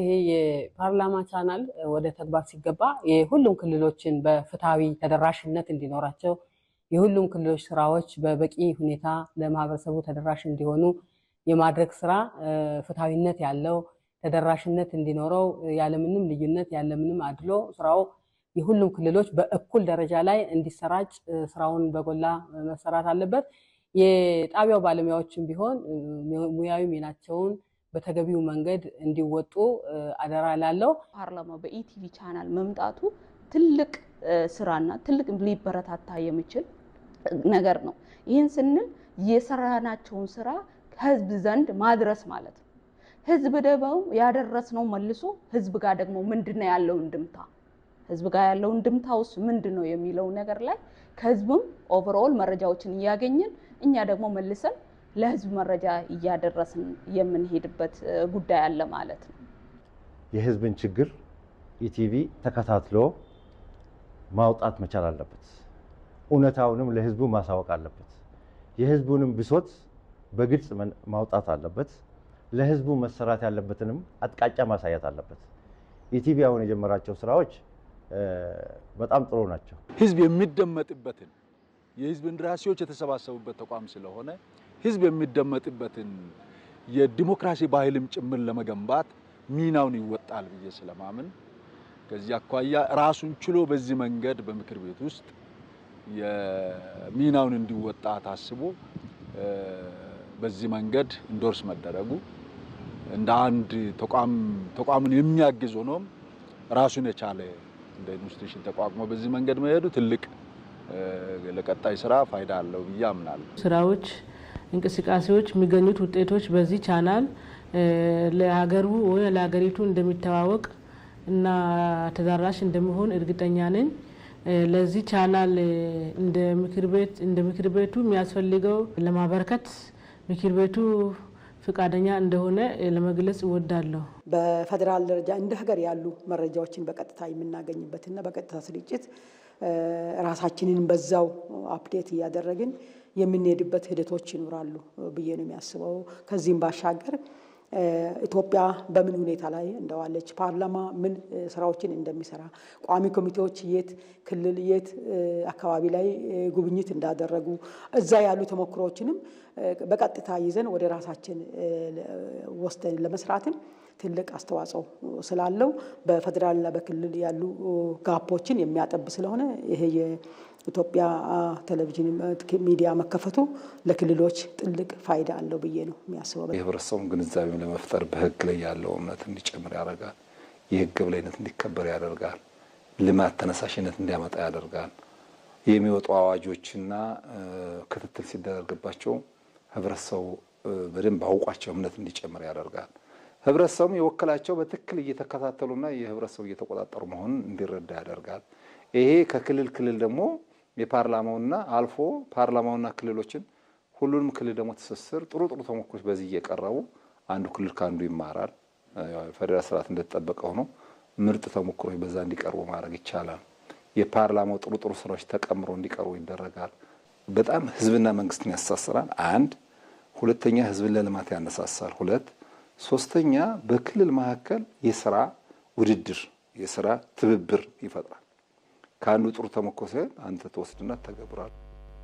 ይሄ የፓርላማ ቻናል ወደ ተግባር ሲገባ የሁሉም ክልሎችን በፍትሐዊ ተደራሽነት እንዲኖራቸው የሁሉም ክልሎች ስራዎች በበቂ ሁኔታ ለማህበረሰቡ ተደራሽ እንዲሆኑ የማድረግ ስራ ፍትሐዊነት ያለው ተደራሽነት እንዲኖረው ያለምንም ልዩነት ያለምንም አድሎ ስራው የሁሉም ክልሎች በእኩል ደረጃ ላይ እንዲሰራጭ ስራውን በጎላ መሰራት አለበት። የጣቢያው ባለሙያዎችም ቢሆን ሙያዊ ሚናቸውን በተገቢው መንገድ እንዲወጡ አደራ ላለው ፓርላማ በኢቲቪ ቻናል መምጣቱ ትልቅ ስራና ትልቅ ሊበረታታ የሚችል ነገር ነው። ይህን ስንል የሰራናቸውን ስራ ከህዝብ ዘንድ ማድረስ ማለት ነው። ህዝብ ደግሞ ያደረስነው መልሶ ህዝብ ጋር ደግሞ ምንድን ነው ያለው እንድምታ ህዝብ ጋር ያለው እንድምታ ውስጥ ምንድን ነው የሚለው ነገር ላይ ከህዝብም ኦቨርኦል መረጃዎችን እያገኘን እኛ ደግሞ መልሰን ለህዝብ መረጃ እያደረስን የምንሄድበት ጉዳይ አለ ማለት ነው። የህዝብን ችግር ኢቲቪ ተከታትሎ ማውጣት መቻል አለበት። እውነታውንም ለህዝቡ ማሳወቅ አለበት። የህዝቡንም ብሶት በግልጽ ማውጣት አለበት። ለህዝቡ መሰራት ያለበትንም አቅጣጫ ማሳየት አለበት። ኢቲቪ አሁን የጀመራቸው ስራዎች በጣም ጥሩ ናቸው። ህዝብ የሚደመጥበትን የህዝብ እንደራሴዎች የተሰባሰቡበት ተቋም ስለሆነ ህዝብ የሚደመጥበትን የዲሞክራሲ ባህልም ጭምር ለመገንባት ሚናውን ይወጣል ብዬ ስለማምን ከዚህ አኳያ ራሱን ችሎ በዚህ መንገድ በምክር ቤት ውስጥ የሚናውን እንዲወጣ ታስቦ በዚህ መንገድ እንዶርስ መደረጉ እንደ አንድ ተቋምን የሚያግዝ ሆኖም ራሱን የቻለ እንደ ኢንስቲትዩሽን ተቋቁሞ በዚህ መንገድ መሄዱ ትልቅ ለቀጣይ ስራ ፋይዳ አለው ብዬ አምናለሁ። ስራዎች እንቅስቃሴዎች የሚገኙት ውጤቶች በዚህ ቻናል ለሀገሩ ወይ ለሀገሪቱ እንደሚተዋወቅ እና ተደራሽ እንደሚሆን እርግጠኛ ነኝ። ለዚህ ቻናል እንደ ምክር ቤት እንደ ምክር ቤቱ የሚያስፈልገው ለማበረከት ምክር ቤቱ ፍቃደኛ እንደሆነ ለመግለጽ እወዳለሁ። በፌዴራል ደረጃ እንደ ሀገር ያሉ መረጃዎችን በቀጥታ የምናገኝበትና በቀጥታ ስርጭት ራሳችንን በዛው አፕዴት እያደረግን የምንሄድበት ሂደቶች ይኖራሉ ብዬ ነው የሚያስበው። ከዚህም ባሻገር ኢትዮጵያ በምን ሁኔታ ላይ እንደዋለች፣ ፓርላማ ምን ስራዎችን እንደሚሰራ፣ ቋሚ ኮሚቴዎች የት ክልል የት አካባቢ ላይ ጉብኝት እንዳደረጉ እዛ ያሉ ተሞክሮዎችንም በቀጥታ ይዘን ወደ ራሳችን ወስደን ለመስራትም ትልቅ አስተዋጽኦ ስላለው በፌዴራልና በክልል ያሉ ጋፖችን የሚያጠብ ስለሆነ ይሄ የኢትዮጵያ ቴሌቪዥን ሚዲያ መከፈቱ ለክልሎች ትልቅ ፋይዳ አለው ብዬ ነው የሚያስበው። የህብረተሰቡን ግንዛቤም ለመፍጠር በህግ ላይ ያለው እምነት እንዲጨምር ያደርጋል። የህግ የበላይነት እንዲከበር ያደርጋል። ልማት ተነሳሽነት እንዲያመጣ ያደርጋል። የሚወጡ አዋጆችና ክትትል ሲደረግባቸው ህብረተሰቡ በደንብ አውቋቸው እምነት እንዲጨምር ያደርጋል። ህብረተሰቡም የወከላቸው በትክክል እየተከታተሉና የህብረተሰቡ እየተቆጣጠሩ መሆኑን እንዲረዳ ያደርጋል። ይሄ ከክልል ክልል ደግሞ የፓርላማውና አልፎ ፓርላማውና ክልሎችን ሁሉንም ክልል ደግሞ ትስስር ጥሩ ጥሩ ተሞክሮች በዚህ እየቀረቡ አንዱ ክልል ከአንዱ ይማራል። ፌዴራል ስርዓት እንደተጠበቀ ሆኖ ምርጥ ተሞክሮች በዛ እንዲቀርቡ ማድረግ ይቻላል። የፓርላማው ጥሩ ጥሩ ስራዎች ተቀምሮ እንዲቀርቡ ይደረጋል። በጣም ህዝብና መንግስትን ያሳስራል። አንድ ሁለተኛ ህዝብን ለልማት ያነሳሳል። ሁለት ሶስተኛ በክልል መካከል የስራ ውድድር የስራ ትብብር ይፈጥራል። ከአንዱ ጥሩ ተሞክሮ ሲሆን አንተ ተወስድና ተገብሯል።